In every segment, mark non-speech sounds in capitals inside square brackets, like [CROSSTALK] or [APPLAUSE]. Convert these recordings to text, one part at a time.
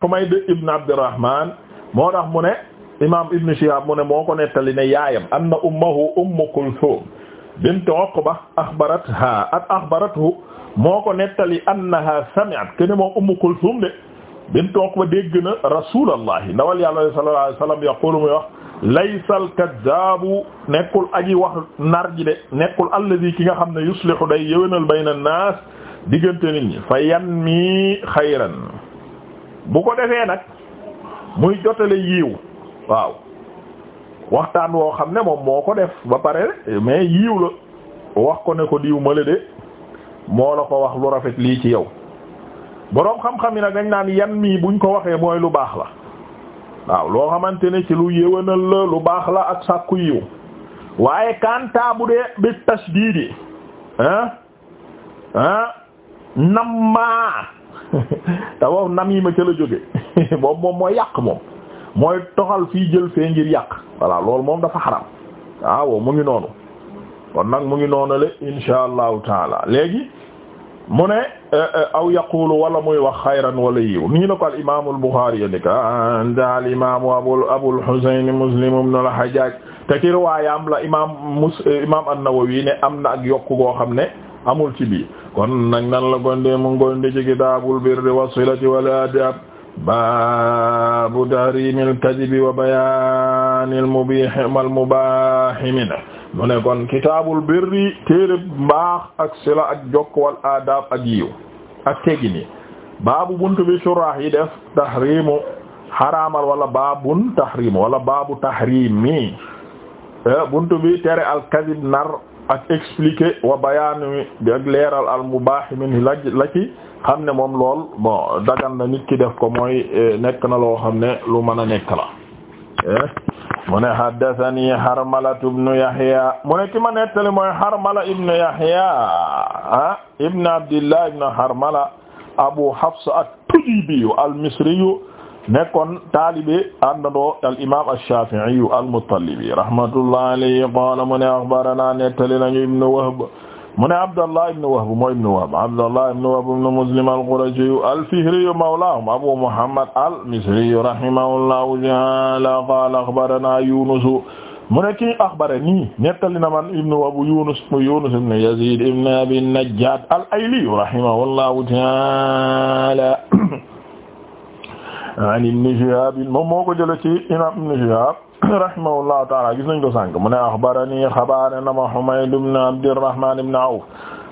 Humayd ibn Abdurrahman moo tax mu ne imaam Ibn Shihab mu ne moo ko nettali ne yaayam anna ummahu Umm Kulthum bint Uqba axbaratha at axbarathu moo ko nettali annaha sami'at kene moom Umm Kulthum de bint Uqba dégg na Rasulullahi ndawal Yàlla sallallahu alayhi wa sallam yaqulu muy wax laysal kazzaabu nekkul aji wax nar ji de nekkul alladi ki nga xam ne yuslihu day yéwénal bayna naas diggante nit ñi fa yanmi xayran bu ko defee nag muy jotale yiiw waaw waxtaan woo xam ne moom moo ko def ba pare mais yiiw la wax ko ne ko diw ma la de moo la ko wax lu rafet lii ci yow boroom xam-xam yi nag dañ naan yan mii buñ ko waxee mooy lu baax la waaw loo xamante ne ci lu yéwénal la lu baax la ak sàkku yiw waaye kanta bu dee bi tasdiidi ah ah nammaa [LAUGHS] te wow namima ca la jóge boobu [LAUGHS] moom mooy yàq moom mooy toxal fii jël fee ngir yàq voilà loolu moom dafa xaram waaw mu ngi noonu kon nag mu ngi noonu le insha allahu taala léegi mu ne eh, eh, aw yaqulu wala muy wax xayran wala yiw nii la ko al imaamul Buxaari yéen i ka anta ah, al imaamu abul abul Muslim ibn al Hajjaj te ci riwaayam la imaam mus imaam an-Nawawi ne am na ak yokk goo xam ne. amul ci bii kon nag nan la gonde mu gonde ci kitaabul birri wasilati wal adab baabu tahrimil kadibi wa bayaanil mubih wal mubah min mu ne kon kitaabul birri téereb mbaax ak sila ak jokk wal adab ak yiw ak tegini baabu buntu bi surah yi def tahrimu xaraamal wala baabun tahrim wala baabu tahrimi eh, buntu bi tere al kadib nar ak expliquer wa bayaan leeral al mubaax min la la ci xam ne moom lool bon dagan na nit ki def ko mooy e, nekk na loo xam ne lu mën a nekk la eh? mu ne haddathani Harmala ibn Yahya mu ne ma nettali mooy Harmala ibn Yahya ah ibn Abdillah ibn Harmala Abu Hafs at-Tujibi al-Misri nekkoon taalibe àndandoo al imaam ash-Shafi'i al-Muttalibi rahmatullahi alayhi qaala mu ne akhbarana nettali nañu ibnu Wahb mu ne Abdallah ibnu Wahb mooy ibnu Wahb Abdallah ibnu Wahb ibnu Muslim al-Qurashi al-Fihri mawlaahum Abu Muhammad al-Misri rahimahullahu ta'ala qaala akhbarana Yunus mu ne kii akhbarani nettali na man ibnu Wahb Yunus Yunus ibnu Yazid ibnu Abi Najjad al-Ayli rahimahullahu ta'ala an ibn Shihab moom moo ko jëlee ci imam ibn Shihab [COUGHS] rahimahullahu taala gis nañ ko sànq mu ne axbarani xabaare na ma Humayd ibn Abdurrahman ibn Awf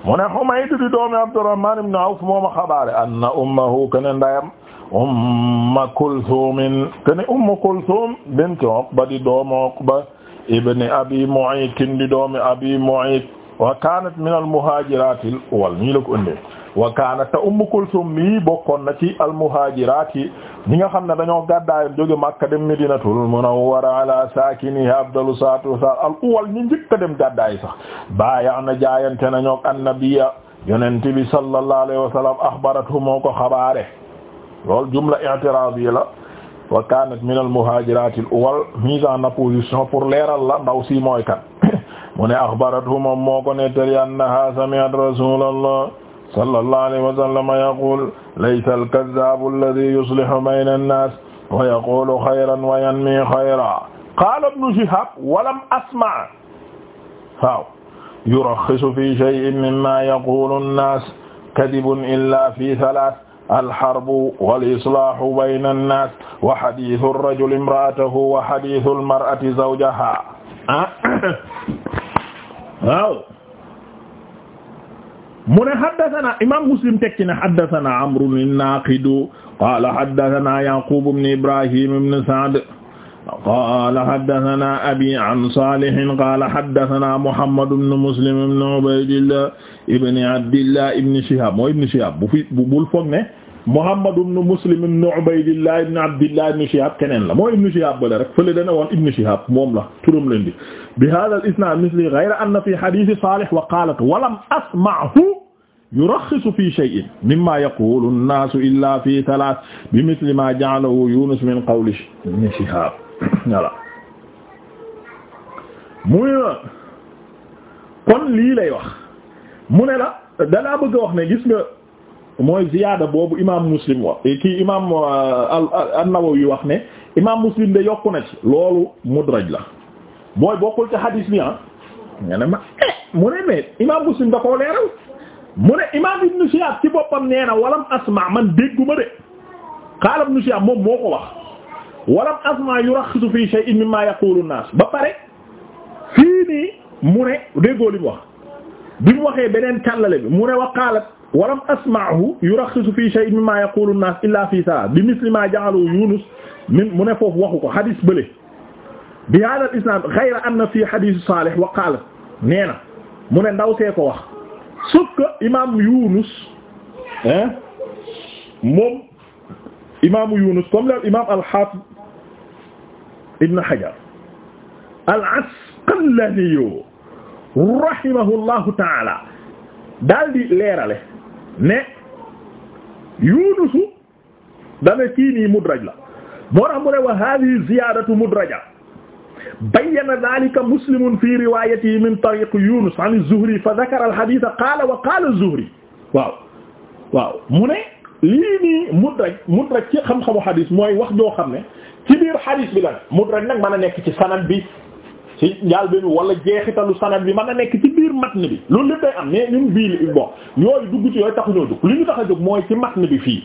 mu ne Humayd di doomi Abdurrahman ibn Awf moo ma xabaare anna ummahu kana ndayam Umma Kulthum kana Umma Kulthum bint Uqba di doomi Uqba ibn Abi Mu'ayt di doomi Abi Mu'ayt wa kanat min al-muhajiratil wal nii la ko ëndee wa kanat ta Umma Kulthum mi bokkoon na ci al-muhajirati ñi nga xam ne dañoo gàddaayoon jóge Makka dem Medinatul Munawwara ala saakini afdalu salaatu wassalaam al uwal ñu njëkk a dem gàddaay sax baayax na jaayante nañoo annabiya yonent bi sallallahu alayhi wa sallam axbaratu moo ko xabaare loolu jumla i'tiraadiyya la wa kaanat min al muhaajiraati al uwal mise en opposition pour leeral la ndaw si mooy kan [COUGHS] mu ne axbaratu moom moo ko nettali sami'at rasuulallah sallallahu alayhi wa sallam yaqul laysa alkadaabu alladi yuslihu bayna annaas wa yaqulu xayran wa yanmi xayran qaala ibnu Shihaab walam asma waaw yuraxxisu fi shay'in mimma yaqulu annaas kadibun illaa fi salaas alxarbu walislaahu bayna annaas wa xadiisu rajuli imra'atahu wa xadiisu almar'ati zawjahaa [COUGHS] waaw mu ne haddathana imam Muslim tekki ne haddathana Amr an-Naqid qala haddathana Yaqub ibn Ibrahim ibn Sa'd qala haddathana abi an Salih qala haddathana Muhammad ibn Muslim ibn Ubaydillah ibn Abdillah ibn Shihab mooy ibn Shihab bu fi bul foog ne Muhammad ibn Muslim ibn Ubaydillah ibn Abdillah ibn Shihab keneen la moo ibn Shihab bale rek fële dana woon ibn Shihab moom la turam leen di bi hadha al-isnad misli ghayra anna fi hadith Salih wa qalat wa lam asma'hu yurakhkhisu fi shay'in mimma yaqulu an-nasu illa fi thalath bi mithli ma ja'alahu Yunus min qawli ibn Shihab voilà muy kon lii lay wax mu ne la dalaa bëgg a wax ne gis nga mooy ziyaada boobu imaam muslim wax eh, kii imaam euh, an-Nawawi wax ne imaam muslim de yokku na ci loolu mudraj la mooy bokkul ci hadis bi ah ma eh, mu ne mais imaam muslim da koo leeral mu ne imaam ibn Shihab ci boppam nee na walam asma man dégguma de qaala ibn moom moo ko wax walam asma yuraxisu fi shay'in mimma yaqulu an ba pare fii nii mu ne déggoo li mu wax bi mu waxee beneen tallale bi mu ne wa qaalat walam asmaahu yuraxisu fi shay'in mimma yaqulu an-nas illa fi salat bi misli ma ja'alu yunus min mu ne foofu waxu ko hadis bële bi hada al-isnad ghayra anna fi hadith salih wa qala nee na mu ne ndaw see ko wax sauf que imam yunus hein moom imaamu yunus comme l'imam al-hafiz ibn hajar al-asqalani rahimahullahu ta'ala daal di leerale mais yunusu dana kii nii mudraj la moo tax mu ne wa hadhihi ziyadatu mudraja bayyana dhalika muslimun fi riwayatihi min tariq yunus an az-zuhri fa dhakara al-hadith qala wa qala az-zuhri waaw waaw mu ne lii nii mudraj mudraj ci xam-xamu hadith mooy wax joo xam ne ci biir hadith bi la mudraj nag mën a nekk ci sanad bi ci njaal benn wala jeexitalu sanad bi man na nekk ci biir matn bi loolu lépp day am mais ñun bii bon yooyu dugg ci yooyu taxuñoo dugg li ñu tax a jóg mooy ci matn bi fii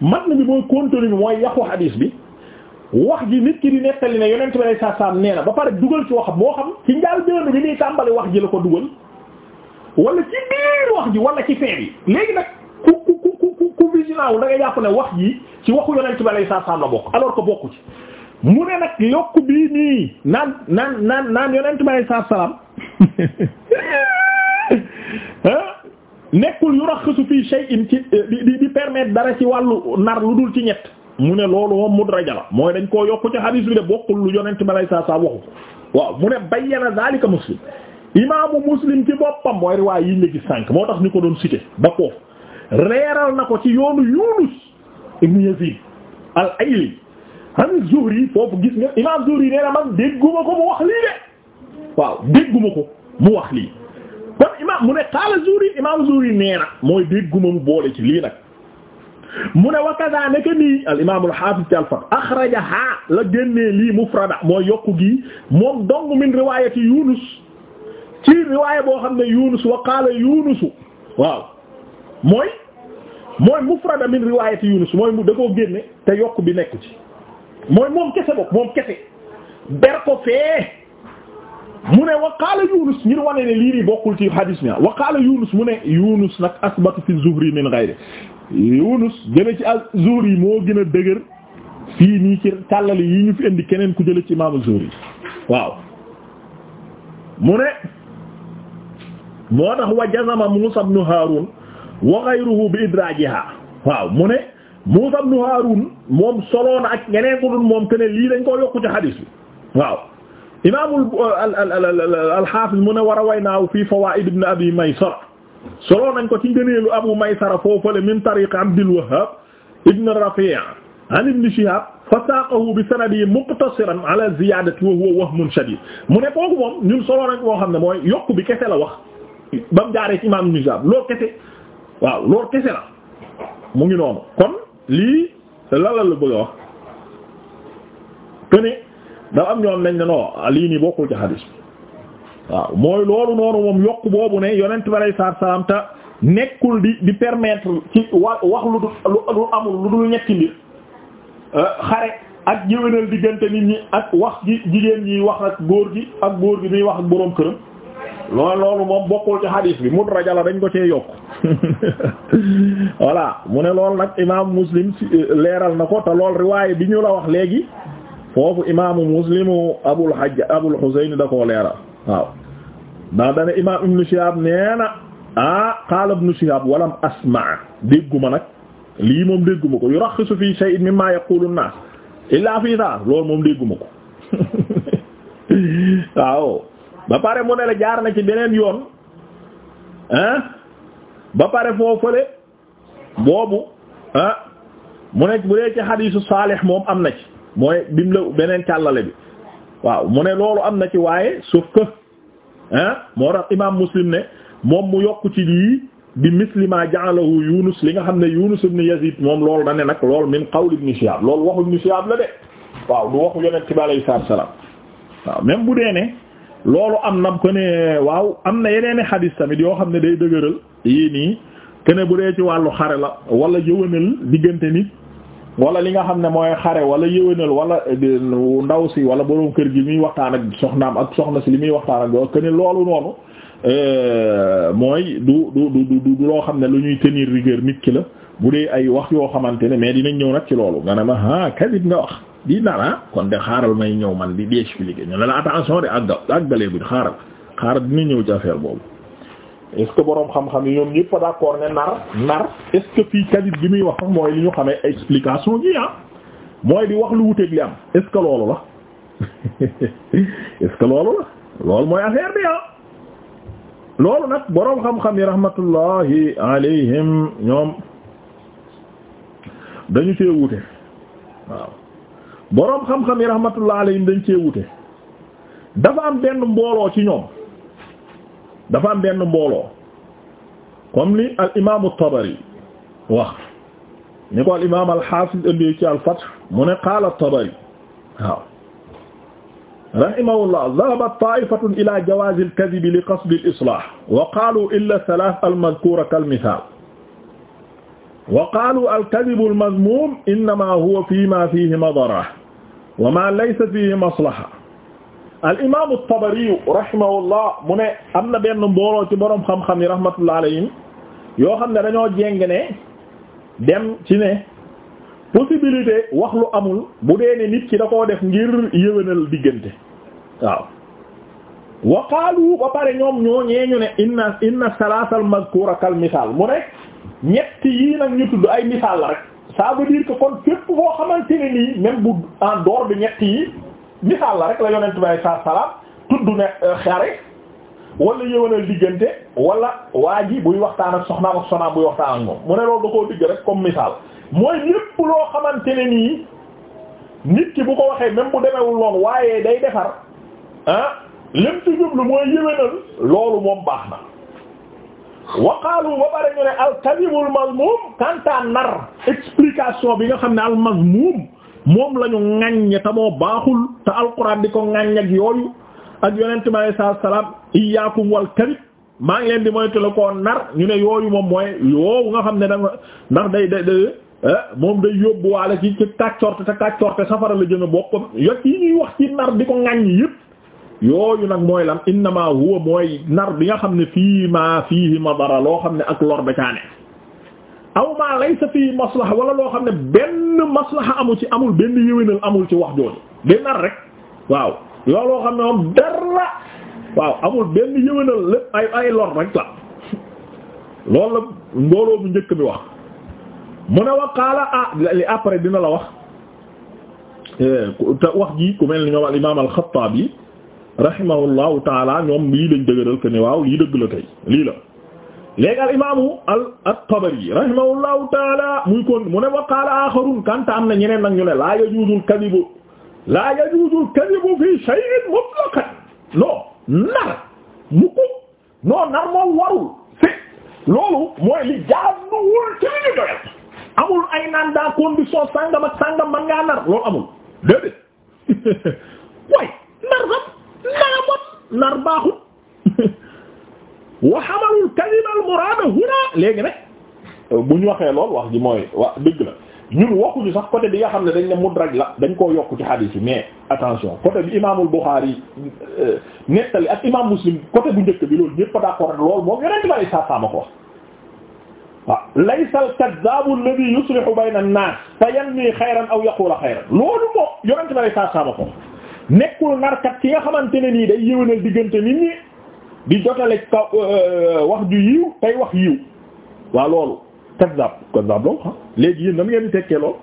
matn bi mooy contenu bi mooy yàqu hadis bi wax ji nit ki di nettali ne yonent bi saa saam nee na ba pare dugal ci waxam moo xam ci njaal benn bi muy tàmbali wax ji la ko dugal walla ci biir wax ji wala ci feeb yi léegi nag ku ku ku ku ku vigilant wu da nga jàpp ne wax ji ci waxu yonent bi saa saam la bokk alors que ci. mu ne nag yokk bii nii naan naan naan naan yonent bi alay salaatu salaam [LAUGHS] ah nekkul yu raxasu fii shay'in ci di di permettre dara ci wàllu nar lu dul ci ñett mu ne loolu moom mudraja la mooy dañ koo yokk ci hadis bi de bokkul lu yonent mu alay salaatu salaam waxu waaw mu ne bayyana zalika muslim imaamu muslim ci boppam mooy riwaay yi ñu gis moo tax ñu ko doon cité ba koofu reeral na ko ci yoonu yunus ibn yazid al ayli an Zuhri foofu gis nga imam Zuhri nee man dégguma ko mu wax lii de waaw dégguma ko mu wax lii kon imam mu ne qaala Zuhri imam Zuhri nee na mooy dégguma mu boole ci lii nag mu ne wa kaza naka nii al imam al ci al fath akhrajaha la génnee lii mufrada mooy yokk gi moom dong min riwayati Yunus ci riwaaya boo xam ne Yunus wa qaala Yunus waaw mooy mooy mufrada min riwayati Yunus mooy mu da koo génne te yokk bi nekk ci mooy moom kese bopp moom kese ber fee mu ne wa qaala Yunus ngir wane lii nii bokkul ci hadis mi ah. wa qaala Yunus mu ne Yunus nag asbatu fi Zuhri min ghayri Yunus jële ci az-Zuhri moo gën a dëgër fii nii ci tàllale yi ñu fi indi keneen ku jële ci imam az-Zuhri waaw mu ne moo tax wa jazama Musa ibn Harun wa ghayruhu bi idrajiha waaw mu ne Muusaa ibn Haaruun moom solo na ak ñeneen ku dul moom te ne lii dañ koo yokku ci xadiis bi waaw imaamul al-Haafiz mu ne war a way naaw fii Fawaa'id ibn Abi Maysara solo nañ ko ci ngëneelu Abu Maysara foofale min tariiq Abdul Wahhaab ibn Rafi' an ibn Shihaab fa saaqahu bi sanadihi muqtasiran ala ziyaadati wa huwa wahmun shadiid mu ne kooku moom ñun solo nañ koo xam ne mooy yokk bi kese la wax ba mu jaaree ci imaam ibn Shihaab loolu kese waaw loolu kese la mu ngi noonu kon lii lan la bëgg a wax que ne dafa am ñoom nañ ne non lii nii bokkul ci xadis bi waaw mooy loolu noonu moom yokk boobu ne yonent bi alayhi salaatu salaam nekkul di di permettre ci wa wax lu lu amul lu dul ñetti mbir euh, xare ak jëwénal diggante nit ñi ak wax gi jigéen ñi wax ak góor gi ak góor gi muy wax ak boroom këram. loolu loolu moom bokkul ci hadis bi mudraja la dañ ko cee yokk [LAUGHS] voilà mu ne loolu nag imaamu muslim euh, leeral na ko te lool riwaay bi ñu la wax léegi foofu imaamu muslimu abul hajj abul husayn da koo leeral waaw ndax dana imaam ibnu shihab nee na ah qaala ibnu shihab walam asmaa dégguma nag lii moom dégguma ko yuraxisu fii shay'in mimma yaqulu an-nas illa fii da loolu moom dégguma ko [LAUGHS] waaw ba pare mu ne la jaar na ci beneen yoon ba pare foo fële boobu ah mu ne bu dee ci xadiisu saalih moom am na ci mooy bim la beneen càllale bi waaw mu ne loolu am na ci waaye sauf que ah moo tax imaam muslim ne moom mu yokk ci lii bi mislima ja'alahu yunus li nga xam ne yunus ibn yazid moom loolu da ne nag loolu min qawl ibn shihab loolu waxu ibn shihab la de waaw du waxu yonent bi alayhi salaam waaw même bu dee ne loolu am na ko ne waaw am na yeneen i xadis tamit yoo xam ne day dëgëral yii nii kene bu dee ci wàllu xare la wala yëwénal diggante nit wala li nga xam ne mooy xare wala yëwénal wala eh, ndaw si wala boroom kër gi muy waxtaan ak soxnaam ak soxna si li muy waxtaan ak yoo kene loolu noonu eh, mooy du du du du du loo xam ne lu ñuy tenir rigueur nit ki la bu dee ay wax yoo xamante ne mais dinañ ñëw nag ci loolu nga ne ma ah kadib nga wax di nara kon de xaaral may ñëw man di di expliquer ñu ne la attention de àgga àggalee bi xaaral xaaral dina ñëw ci affaire boobu est que boroom xam-xam yi ñoom ñëpp d'accord ne nar nar est que fii kadib bi muy wax sax mooy li ñu xamee explication ji ah mooy di wax lu wuteeg li am est-ce que loolu la [LAUGHS] est-ce que loolu mooy affaire bi ah loolu nag boroom xam-xam yi rahmatullahi alayhim ñoom dañu cee wute waaw boroom xam-xam yi rahmatullah alayhim dañ cee wute dafa am benn mbooloo ci ñoom dafa am benn mbooloo comme ni al imaamu Tabari wax ni ko al imaam al xaafis indi ci al Fath mu ne qaala Tabari waaw rahimahullah zahabat taa'ifatun ilaa jawaazi al kadhibi li qasdi al islaah wa qaaluu illaa thalaatha al madhkuura kal mithaal wa qaaluu al kadhibu al madhmuum innamaa huwa fiimaa fiihi madara wa ma laysa fihi maslaha al imam at-Tabari rahimahullah mu ne am na benn mbooloo ci boroom xam-xam yi rahmatullah alayhim yoo xam ne dañoo jéng ne dem ci ne possibilité wax lu amul bu dee ne nit ci da koo def ngir yëwénal diggante waaw wa qaalu ba pare ñoom ñoo ñeeñu ne inna inna salaasal mazkuura kal misaal mu ne ñetti yii nag ñu tudd ay misaal la rek ça veut dire que kon fépp boo xamante ne nii même bu en dehors de ñett yi misaal la rek la yonent bay sa salaam tudd ne euh, xare wala yëwanal diggante wala waa ji buy waxtaan ak soxnaam ak soxnaam buy waxtaan ak moom mu ne loolu da koo digg rek comme misaal mooy lépp loo xamante ne nii nit ki bu ko waxee même bu demewul noonu waaye day defar ah lém ci jublu mooy yëwanal loolu moom baax na waqaalu ba pare ñu ne alkalimul mazmum kanta nar explication bi nga xam ne al mazmum moom lañu ñu ŋaññe te baaxul te alquran di ko ŋaññ ak yooyu ak yonent bi alayhi salaatu salaam iyaakum wal maa ngi leen di moytu la koo nar ñu ne yooyu moom mooy yoowu nga xam ne da ndax day day day eh, moom day yóbbuwaale ci ci kàccorte te kàccorte safara la jëm a bokk yot yi ñuy wax ci nar di ko ŋaññ yëpp yooyu nag mooy lan innama huwa mooy nar bi nga xam ne fii maa fiihi madara loo xam ne ak lor da caane aw maa laysa fii maslaha wala loo xam ne benn maslaha amu ci amul benn yëwénal amul ci wax jooju di nar rek waaw yoo loo xam ne moom dara waaw amul benn yëwénal lépp ay ay lor rek la loolu la mbooloo bu njëkk bi wax mu ne wa qaala ah li après dina la wax eh, te wax ji ku mel ni ñoom al imaam al Xattaabi rahimahullahu taala ñoom lii lañ dëgëral que ne waaw lii dëgg la tey lii la léegi al imaamu al at-Tabari rahimahullahu taala muy kon mu ne wa qaala kanta am na ñeneen nag ñu ne laa yajuuzul kadibu laa yajuuzul kadibu fii shay'in amul ay naan daa condition sàngam ak sàngam man ngaa nar loolu amul déedéet [LAUGHS] way nar sax nara mot nar baaxut [LAUGHS] wa xamalul kalima al huna léegi nag bu ñu waxee lool wax ji mooy wax dëgg la ñun waxuñu sax côté bi nga xam ne dañ ne mudraj la dañ koo yokk ci xadiis yi mais attention côté bi imaamul Buxaari euh, nettali ak imaam Muslim côté bu njëkk bi loolu ñëpp d'accord ak loolu moom yonent bi saa saa ma ko wax waaw laysa al kazzaabu alladhi yuslihu bayna an-naas fa yanmi xayran aw yaqulu xayran loolu moom yonent bi saa saa ma ko nekkul narkat ki nga xamante ne nii day yéwénal diggante nit ñi di jotale ka euh, euh, wax ju yiw tey wax yiw waa loolu kazab kazab loolu xam ah, léegi yéen nan ngeen di tekkee loolu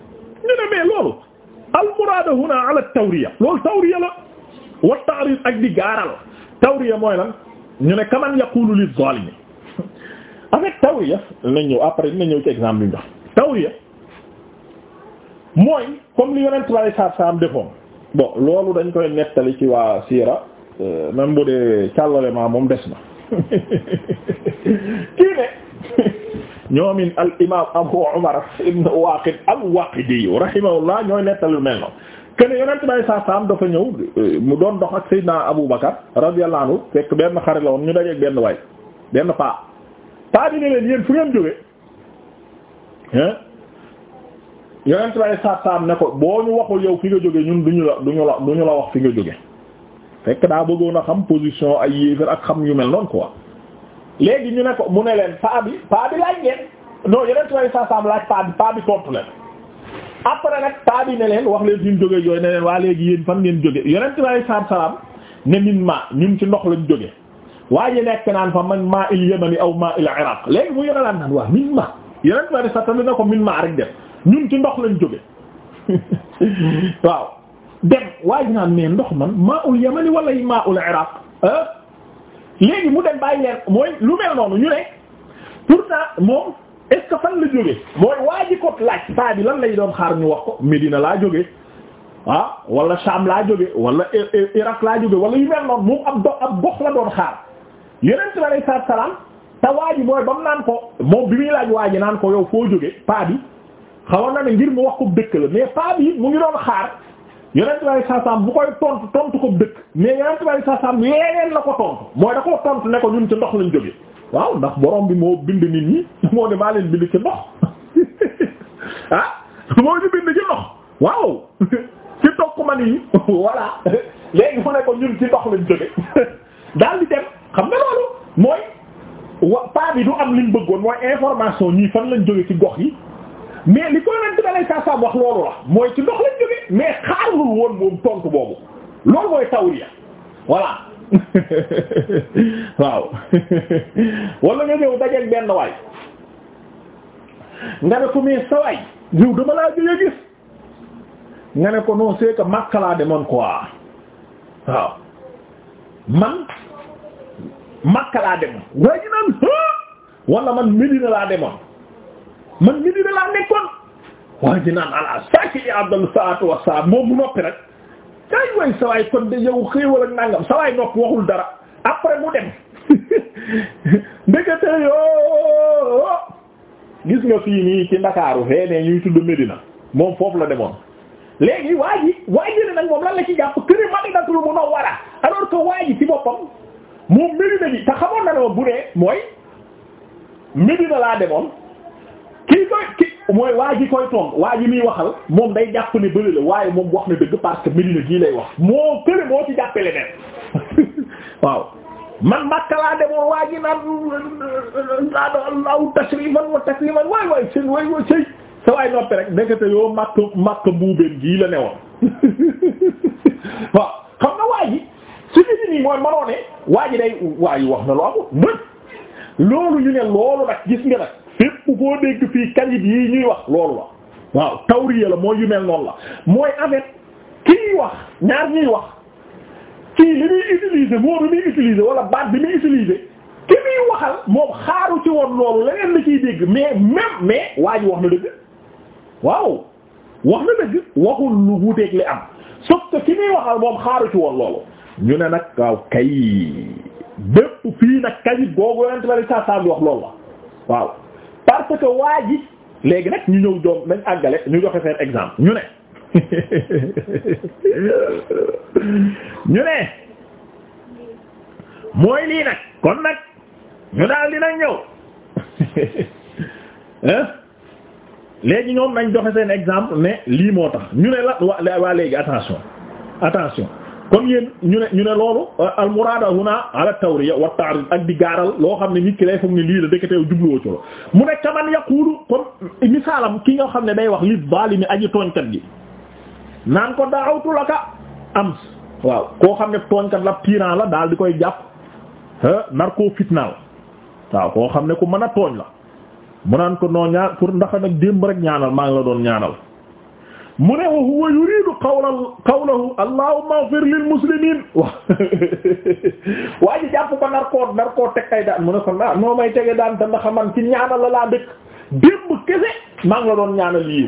ñu ne mais loolu al muraada huna ala tawriya loolu tawriya la wa ta'rid ak di gaaral tawriya mooy lan ñu ne kaman yaqulu lil zalimi avec tawriya nañ ñëw après dinañ ñëw ci exemple ñu wax tawriya mooy comme li yonent bi saa alayhi wasallam defoon bon loolu dañ koy nettali ci waa siira euh, même bu dee càllale ma moom des na [LAUGHS] kii ne ñoomin al imam abu umar ibn waaqid al waaqidi rahimahullah ñooy nettali mel noonu kene yonent bay saa dafa ñëw euh, mu doon dox ak sayyidina abu bakar radiyallahu anhu fekk benn xare la ñu dajeek benn waay benn paa paa bi ne leen yéen fu ngeen jóge yonent lay saab ne ko boo ñu waxul yow fi nga jóge ñun duñu la duñu la duñu la wax fi nga jóge fekk daa bëggoon a xam position ay yéefar ak xam yu mel ko quoi léegi ñu ne ko mu ne leen paabi bi paa bi laaj ngeen non yonent lay saab laaj paa bi paa bi tontu leen après nag paa ne leen wax leen fi ñu jóge yooyu ne leen waa léegi yéen fan ngeen jóge yonent lay saab salaam ne min ma ñun ci ndox lañ jóge waaye nekk naan fa man maa il yamani aw maa il iraq léegi mu yore naan waa min ma yonent lay ne ko min ma rek def ñun ci ndox lañ jóge [LAUGHS] waaw dem waa ji naan mais ndox man maa ul yamani wala maa ul iraq léegi mu dem bàyyi leen mooy lu mel noonu ñu ne pourtant moom est-ce fan la jóge mooy waa ji ko laaj saa bi lan lay doon xaar ñu wax ko Medina laa jóge ah wala Sham laa jóge wala Irak laa jóge wala yu mel noonu moom ab gox la doon xaar yeneen bi alay te waa mooy ba mu naan ko moom bi muy laaj waa naan ko yow foo jóge paa bi xamoon na ne ngir mu wax ko dëkk la mais paa bi mu ngi doon xaar yonent bay sasam bu koy tontu tontu ko dëkk mais yonent bay sasam leeneen la ko tontu mooy da koo tontu ne ko ñun ci ndox lañ jóge waaw ndax borom bi moo bind nit ñi [LAUGHS] moo ne maa leen bind ci ndox [LAUGHS] ah moo di bind ci ndox waaw [LAUGHS] ci ma man yi voilà léegi mu ne ko ñun ci ndox lañ jóge daal di dem xam nga loolu mooy wa bi du am liñ bëggoon mooy information ñii fan lañ jóge ci gox yi mais li ko yonent bi alayhi salaam wax loolu la mooy ci ndox lañ jóge mais xaarul woon moom tontu boobu loolu mooy tawriya voilà [LAUGHS] waaw [LAUGHS] wala nga benn waay nga ne ko mais sa waay jiw dama laa jóge gis nga ne ko non c'est Makka laa demoon quoi waaw man Makka laa demoon waaye ñu man Medina laa demoon. man mi di laa nekkoon waa ji naan ala saaki i abdal saatu wa sa moom mu noppi rek ay way sawaay kon de yow xéewal ak nangam sawaay nopp waxul dara après mu dem [LAUGHS] ndekete yoo gis nga fii ni ci ndakaaru fee ne ñuy tudd Medina moom foofu la demoon léegi waa ji waa ji ne nag moom lan la ci jàpp këri Madinatul Munawwara alors que waa ji ci boppam moom Medina ji te xamoon na ne moom bu dee mooy Medina laa demoon kii koy ki mooy waa ji koy toon waa ji muy waxal moom day jàpp ne bëri la waaye moom wax na dëgg parce que Medina gii lay wax moo kële moo ci jàppe leneen [LAUGHS] waaw man Makka laa demoon waa ji naan Allahu tashrifan wa takriman waay waay sëñ waay waay sëñ sa waay noppi rek ndekete yoo Makka Makka mbuubeen gii la newoon [LAUGHS] waaw xam nga waa ji su gisi nii mooy manoone waa ji day waa wax na lu amul loolu ñu ne loolu nag gis nga nag fépp foo dégg fii kalib yi ñuy wax loolu la waaw tawriya la mooy yu mel noonu la mooy avec kii wax ñaar ñuy wax kii li muy utiliser moo bi muy utiliser wala baat bi muy utiliser ki muy waxal moom xaaru ci woon loolu leneen la ciy dégg mais même mais waa ji wax na dëgg waaw wax na dëgg waxul lu wuteeg li am sauf ki muy waxal moom xaaru ci woon loolu ñu ne nag waaw kay bépp fii nag kayit googu yonent bari saa saa bi wax loolu la waaw parce que waa ji léegi nag ñu ñëw doom nañ àggale ñu joxe seen exemple ñu ne [LAUGHS] ñu ne mooy lii nag kon nag ñu daal dinañ ñëw [LAUGHS] hein léegi ñoom nañ joxe seen exemple ne lii moo tax ñu ne la waa léegi attention attention comme yéen ñu ne ñu ne loolu euh, al muraada huna ala tawriya wa ta'rid ak di gaaral loo xam ne nit ki lay foog ne lii la dëkk teew jubluwoo ci loolu mu ne kaman yaqulu comme misaalam ki nga xam ne day wax li zalimi aji tooñkat gi naan ko da'awtu laka ams waaw koo xam ne tooñkat la tyran la daal di koy jàpp nar koo fitnaal waaw koo xam ne ku mën a tooñ la mu naan ko noo ñaan pour ndax nag démb rek ñaanal maa ngi la doon ñaanal mu ne wa huwa yuridu qawla qawlahu allahumma ighfir lil muslimin waaw [LAUGHS] waa ji jàpp ko nar koo nar koo teg ay daan mu ne ko naa noo may tege daan te ndax man ci ñaanal la laa dëkk démb kese maa ngi la doon ñaanal lii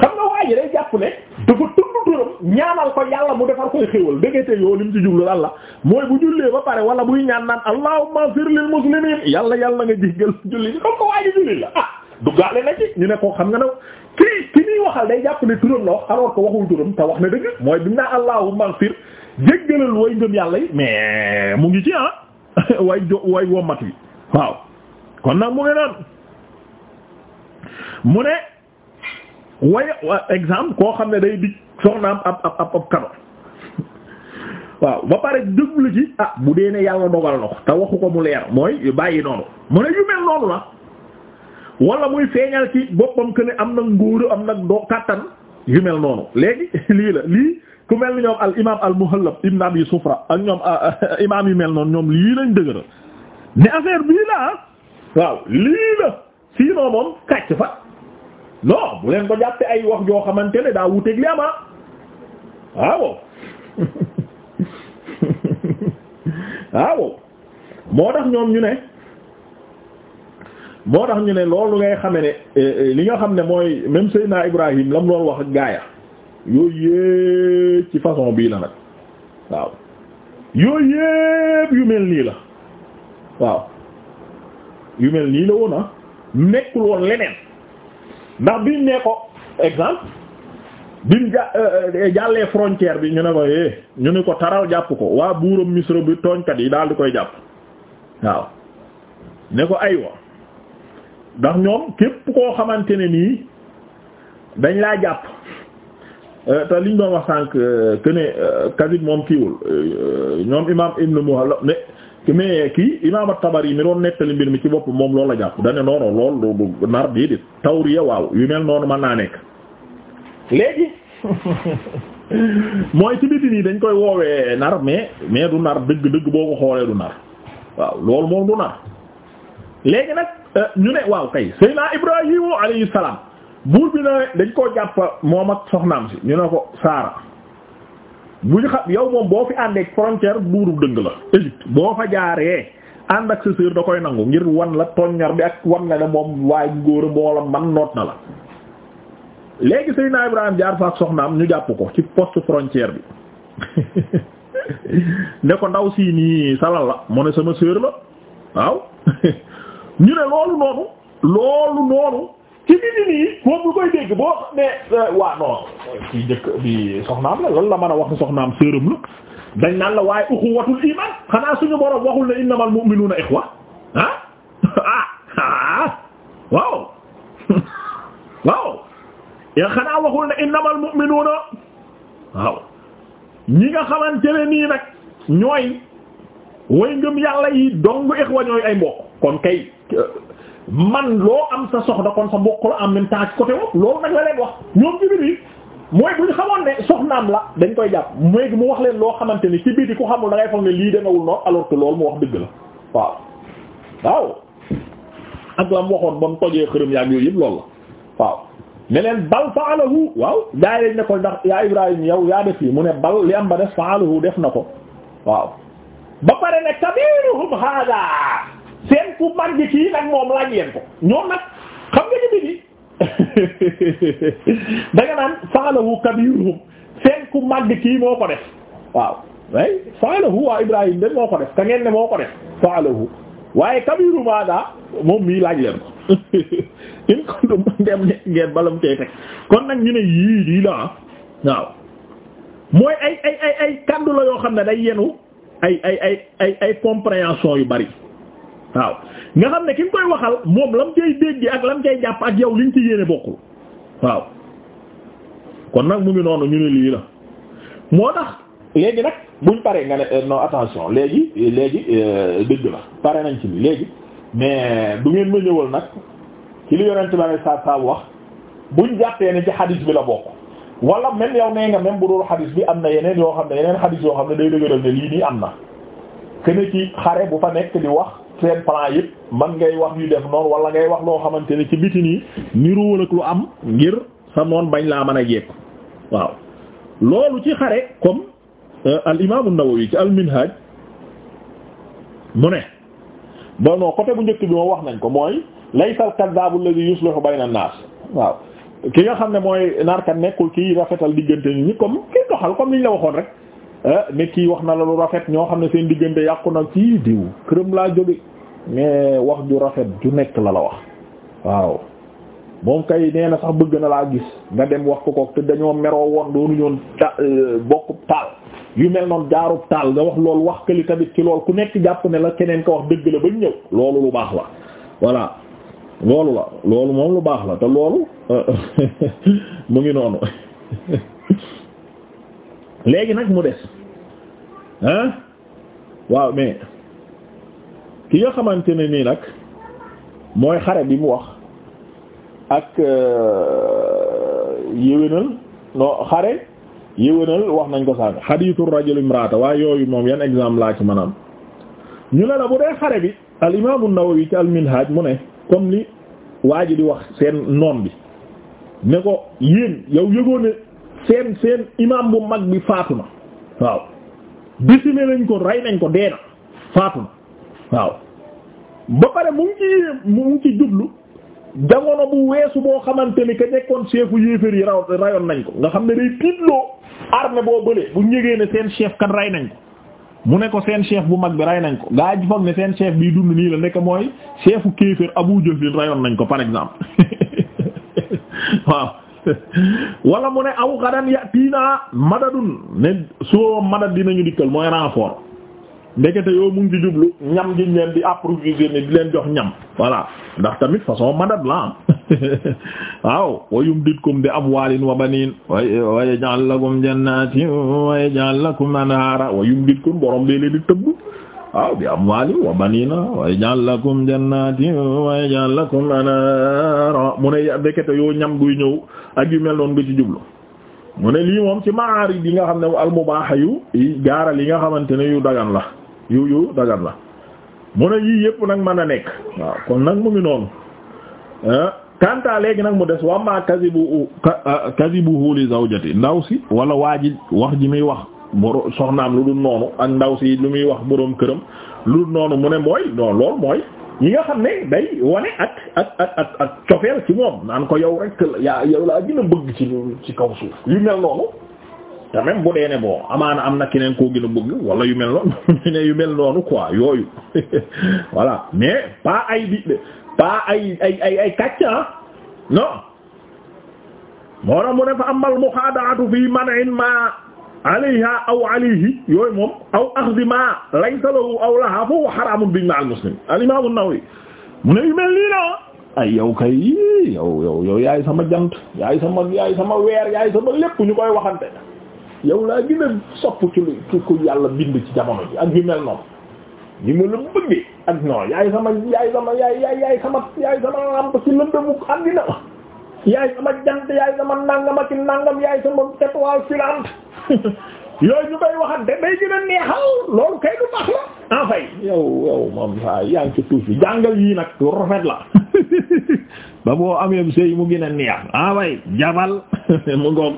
xam nga waa ji day jàpp ne dafa tudd turam ñaanal ko yàlla mu defar koy xéewal dëggate yoo lim ci jublu lan la mooy bu jullee ba pare wala buy ñaan naan allahumma ighfir lil muslimin yàlla yàlla nga jéggal julli bi comme ko waa ji julli la ah duggaale na ci kii ki ñuy waxal day jàpp ne turam la wax alors que waxul turam te wax na dëgg mooy bi mu naa allahumma ighfir jéggalal way ngëm yàlla yi mais mu ngi ci ah [LAUGHS] way jo way wommat yi waaw kon nag mu ngi noonu mu ne way exemple koo xam ne day dig soxnaam ab ab ab ab kado [LAUGHS] waaw ba pare jublu ci ah bu dee ne yàlla dogal na ko te waxu ko mu leer mooy bàyyi noonu mu ne yu mel noonu la wala muy feeñal ci boppam que ne am na nguuru am na doo kàttan yu mel noonu léegi [LAUGHS] lii la lii ku mel ni ñoom al imaam al muhallab ibn abi sufra ak ñoom ah, ah, [LAUGHS] imaam yu mel noonu ñoom lii lañ dëgëral ne affaire bii la ah. waaw lii la sinon moom kàcc fa non bu leen ko jàppe ay wax joo xamante ne daa wuteeg li ama waaw [LAUGHS] waaw moo tax ñoom ñu ne moo tax ñu ne loolu ngay xame ne eh, eh, li nga xam ne mooy même Seydina Ibrahim lam loolu wax ak gaaya yooyu yépp ci façon bii la nag waaw yooyu yépp yu mel nii la waaw yu mel nii la woon ah nekkul woon leneen ndax biñ ne ko exemple biñ ja eh, jàllee frontière bi ñu ne ko é ñu ne ko taral jàpp ko waa buuram misro bi tooñkat yi daal di koy jàpp waaw ne ko aywa ndax ñoom képp koo xamante ne nii dañ laa jàpp euh, te liñ doon wax sànq euh, que ne euh, moom kiiwul ñoom imaam ibn Muhalla ne mais kii imaam at-Tabari mi doon nettali mbir mi ci bopp moom loolu la jàpp dane noono lool du nar déedéet tawriya waaw yu mel noonu man naa nekk léegi [LAUGHS] mooy ci nii dañ koy woowee nar mais mais du nar dëgg-dëgg boo ko xoolee du nar waaw loolu moom du nar léegi nag Euh, ñu ne waaw kay Seydina Ibrahima alayhi salaam buur bi na dañ koo jàpp moom ak soxnaam si ñu ne ko Saara bu ñu xam yow moom boo fi àndeek frontière buuru dëng la Égypte boo fa jaaree ànd ak sa sœur da koy nangu ngir wan la toññar bi ak wan la ne moom waaye ngóora mboola man noot na la léegi Seydina Ibrahima jaar fa ak soxnaam ñu jàpp ko ci poste frontière bi [LAUGHS] ne ko ndaw sii nii salal la mu ne sama sœur la waaw ñu ne loolu noonu loolu noonu ci nit ñi moom koy dégg boo xam euh, waa non ci njëkk bi soxnaam la lan la mën a wax ni soxnaam séeram la dañ naan la waaye uxuwatul iman xanaa suñu borom waxul ne innamal mu'minuna ikhwa ah? [LAUGHS] ah, ah, waaw [LAUGHS] xanaa waxul ne innamal mu'minuna waaw ñi nga xamante ne nii nag ñooy way ngëm yàlla yi dong ikhwa ñooy ay mbokk kon kay man loo am sa soxna kon sa mbokk la en même temps ci côté boobu loolu nag la leen wax ñoom Jibril mooy bu ñu xamoon ne soxnaam la dañ koy jàpp mooy mu wax leen loo xamante ni ci biir ku xamul da ngay foog ne lii demewul noonu alors que loolu mu wax dëgg la waaw. waaw ak la mu waxoon ba mu tojee xërëm yaag yooyu yëpp loolu la waaw ne leen bal faalahu waaw gaa yi dañ ne ko ndax yaa Ibrahim yow yaa def lii mu ne bal li am ba def faalahu def na ko waaw ba pare ne kabiruhum hada seen ku mag gi kii nag moom laaj leen ko ñoom nag xam nga ñu bi da naan faalahu kabiruhum seen ku mag kii moo ko def waaw way faalahu waa Ibrahim de moo ko def ka ngeen ne moo ko def faalahu waaye kabiru maada moom mii laaj leen ko [LAUGHS] in kontu dem ngeen balam tey kon nag ñu ne yii dii la waaw mooy ay ay ay ay la yoo xam ne day yenu ay ay ay ay yu bari waaw nga xam ne ki nga koy waxal moom lam cay dégg ak lam cay jàpp ak yow liñ ci yéene bokkul waaw kon nag mu ngi noonu ñu ne lii la moo tax léegi nag buñ paree nga ne euh, non attention léegi léegi euh, dëgg la pare nañ ci li léegi mais du ngeen ma ñëwal nag ci li yonent ba ne saa saa wax ñu jàppee ne ci xadis bi la bokk wala même yow nee nga même bu dul xadis bi am na yeneen yoo xam ne yeneen xadis yoo xam ne day dëgëral ne lii nii am na kene ci xare bu fa nekk di wax seen plan yëpp man ngay wax yu def noonu wala ngay wax loo xamante ne ci biti nii niroowal ak lu am ngir sa noon bañ laa man a yegg waaw loolu ci xare comme euh, al imaamu Nawawi ci al minhaj mu ne bon non bu njëkk bi moo wax nañ ko mooy laysal kaddabu alladhi yuslihu bayna nas waaw ki nga xam ne mooy narkat nekkul kii rafetal diggante nit ñi comme kii doxal comme niñ la waxoon rek Eh, nit ki wax na la lu rafet ñoo xam ne seen diggante yàqu na ci diw këram laa jóge mais wax ju rafet ju nekk la la wax waaw moom kay nee na sax bëgg na laa gis nga dem wax ko ko te dañoo meroo woon doonu ñoon ta euh, bokkub taal yu mel noonu jaarub taal nga wax loolu wax këli tamit ci lool ku nekk jàpp ne la keneen ko wax dëgg la ba ñëw loolu lu baax la voilà loolu la loolu moom lu baax la te loolu euh, [LAUGHS] mu ngi noonu [LAUGHS] léegi nag mu des hein waaw mais ki nga xamante ne nii nag mooy xare bi mu wax ak euh, yéwénal no xare yéwénal wax nañ ko sànq hadithu rajul imraata waaye yooyu moom yan exemple laa ci maanaam ñu ne la bu dee xare bi al imam ndaw yi ci al minhaj mu ne comme li waa ji di wax seen noon bi ne ko yéen yow yëgoone seen seen imam bu mag bi faatu na waaw décimé nañ ko rey nañ ko dee na faatu na waaw ba pare mu ngi ci mu ngi ci jublu jamono bu weesu boo xamante ni ka nekkoon chefu yéefér yi raw rayoon nañ ko nga xam ne day tiitloo armée boo bëlee bu ñëgee ne seen chef kat rey nañ ko mu ne ko seen chef bu mag bi rey nañ ko gaa ji foog ne seen chef bii dund nii la nekk mooy chefu kéefér Abu Jahl rayoon nañ ko par exemple [LAUGHS] waaw [LAUGHS] wala mu ne aw xadan ya tiina madadun ne soo madad dinañu dikkal mooy renfort ndekete yoo mu ci jublu ñam giñ leen di approvisionner di leen jox ñam voilà ndax tamit façon madad la [LAUGHS] waaw wa yumdidkum bi amwaalin wa baniin wa wa yaj'al lakum jannatin wa yaj'al lakum anhaara wa yumdidkum borom bee leen di tëbb waaw bi amwaalin wa baniina wa yaj'al lakum jannatin wa yaj'al lakum anhaara mu ne ndekete yoo ñam guy ñëw ak yu mel noonu nga ci jublu mu ne lii moom ci maari yi nga xam ne al mubaaha yu gaaral yi nga xamante ne yu dagan la yu yu dagan la mu ne yii yëpp nag mën a nekk waaw kon nag mu ngi noonu eh, kanta léegi nag mu des wamma kasibu kasibuhu eh, li zawjati ndaw si wala waa ji wax ji muy wax boro soxnaam lu dul noonu ak ndaw si lu muy wax boroom këram lu dul noonu mu ne mooy non loolu mooy yi nga xam ne day wane ak ak ak ak ci moom naan ko yow rek yaa yow laa gën bëgg ci kaw suuf yu mel noonu te même bu dee ne bon amaana am na keneen koo gën a bëgg wala yu mel noonu [LAUGHS] ne yu mel noonu quoi yooyu [LAUGHS] voilà mais pas ay bi pas ay ay ay ay kàcc ah moo tax mu ne fa amal muxaadaatu fii man in ma alayha aw alayhi yooyu moom aw axdi ma laysa lahu aw laha foofu xaraamun bi ma al muslim al imam an-Nawawi mu ne yu mel nii na ay yow kay yow yow yow yaay sama jant yaay sama yaay sama weer yaay sama lépp ñu koy waxante yow laa gën a sopp ci lu ci ku yàlla bind ci jamono ji ak yu mel noonu ñi ma la bëggee ak non yaay sama yaay sama yaay yaay yaay sama yaay sama lamp ci lëndëmu àddina yaay sama jant yaay sama nangam ak nangam yaay sama étoile filante [LAUGHS] yooyu ñu koy waxante day gën neexal loolu kay du baax la en fait yow yow moom waay yaa ngi ci tuus jàngal yii nag rafet la [LAUGHS] ba boo amee sëy mu gën a neex en fait jabal [LAUGHS] mu ngoog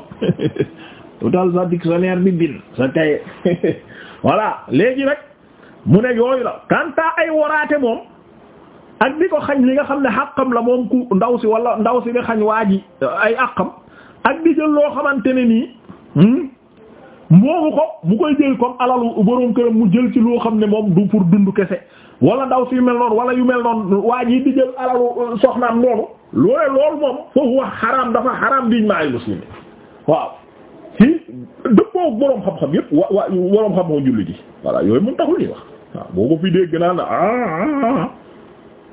utal sa dictionnaire bi bin sa tay voilà léegi nag mu ne yooyu la kanta ay waraate moom ak di ko xañ li nga xam ne xàqam la moom ku ndaw si wala ndaw si di xañ waa ji ay àqam ak di jël loo xamante ne nii hmm, moomu ko mu koy jël comme alalu boroom këram mu jël ci loo xam ne moom du pour dund kese wala ndaw si yu mel noonu wala yu mel noonu waa ji di jël alalu euh, soxnaam noonu moom foofu wax xaraam dafa xaraam biñ maay muslimi waaw ci dëppoo boroom xam-xam yëpp wa wa boroom xam-xam julli ji voilà yooyu mun taxul ñuy wax waaw boo ko fi dégg naa ne ah, ah, ah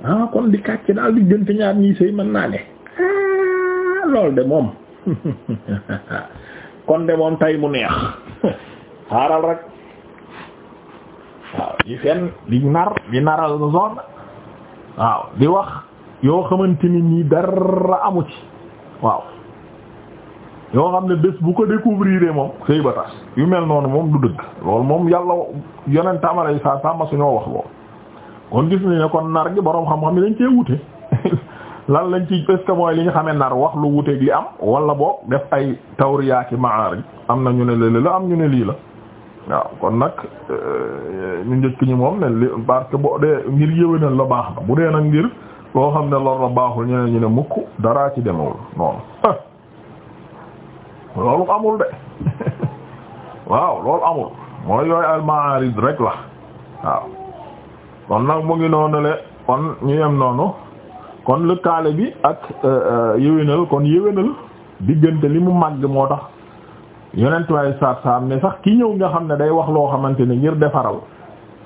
ah kon di kàcc daal di ñaar ñii sëy mën naa ne ah, lool de moom [LAUGHS] kon de moom tay mu neex [LAUGHS] xaaral rek waaw di fen di nar di naral zone waaw di wax yoo xamante ni ñi dara amu ci waaw yoo xam ne bés bu ko découvrir moom sëy ba yu mel noonu moom du dëgg loolu moom yàlla yonent amalay sa sàmma suñoo wax loolu kon gis nañ ne kon nar gi boroom xam-xam yi dañ cee wute [LAUGHS] lan lañ ci est-ce que mooy li ñu xamee nar wax lu wuteeg li am wala boog def ay tawriyaaki maarij am na ñu ne lii la am ñu ne lii la waaw kon nag euh, ñu njëkk ñi moom ne li parce que boo dee ngir yëwénal la baax na bu dee nag ngir loo xam ne loolu baaxul ñeneen ñu ne mukk daraa ci demewul noonu [LAUGHS] loolu amul de [LAUGHS] waaw loolu amul mooy yooyu al maarij rek la waaw kon nag mu ngi noonu le kon ñu yem noonu kon lëkkaale bi ak euh, euh, yéwénal kon yéwénal diggante li mu màgg moo tax yonent waaye saat saam ne sax ki ñëw nga xam ne day wax loo xamante ne ngir defaral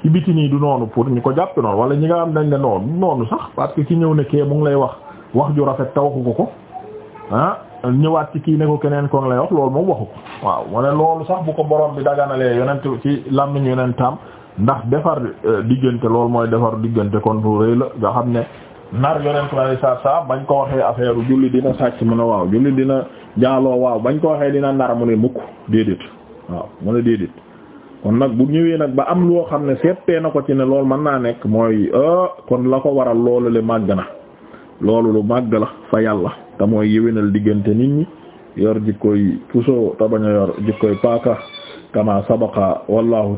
ci biti nii du noonu pour ñu ko jàpp noonu wala ñi nga xam dañ ne noonu noonu sax parce que ki ñëw ne kee mu ngi lay wax wax ju rafet te waxu ko ko ah, ñëwaat ci kii ne ko keneen ko ngi lay wax loolu moom waxu ko waaw mu ne loolu sax bu ko borom bi daganalee yonent ci làmmiñ yonentam ndax defar euh, diggante loolu mooy defar diggante kon lu rëy xam ne nar yonent na bañ ko waxee affaire julli dina sàcc mën ne waaw julli dina jaaloo waaw bañ ko waxee dina nar mu ne mukk déedéet waaw mu déedéet kon nag bu ñëwee nag ba am loo xam ne seetee na ko ci ne lool mën naa nekk mooy euh, kon la ko waral loolu le màgg na loolu lu màgg la fa yàlla te mooy yéwénal diggante nit ñi yor jikkoy puso te bañ a yor jikkoy paaka kama sabaqa wallahu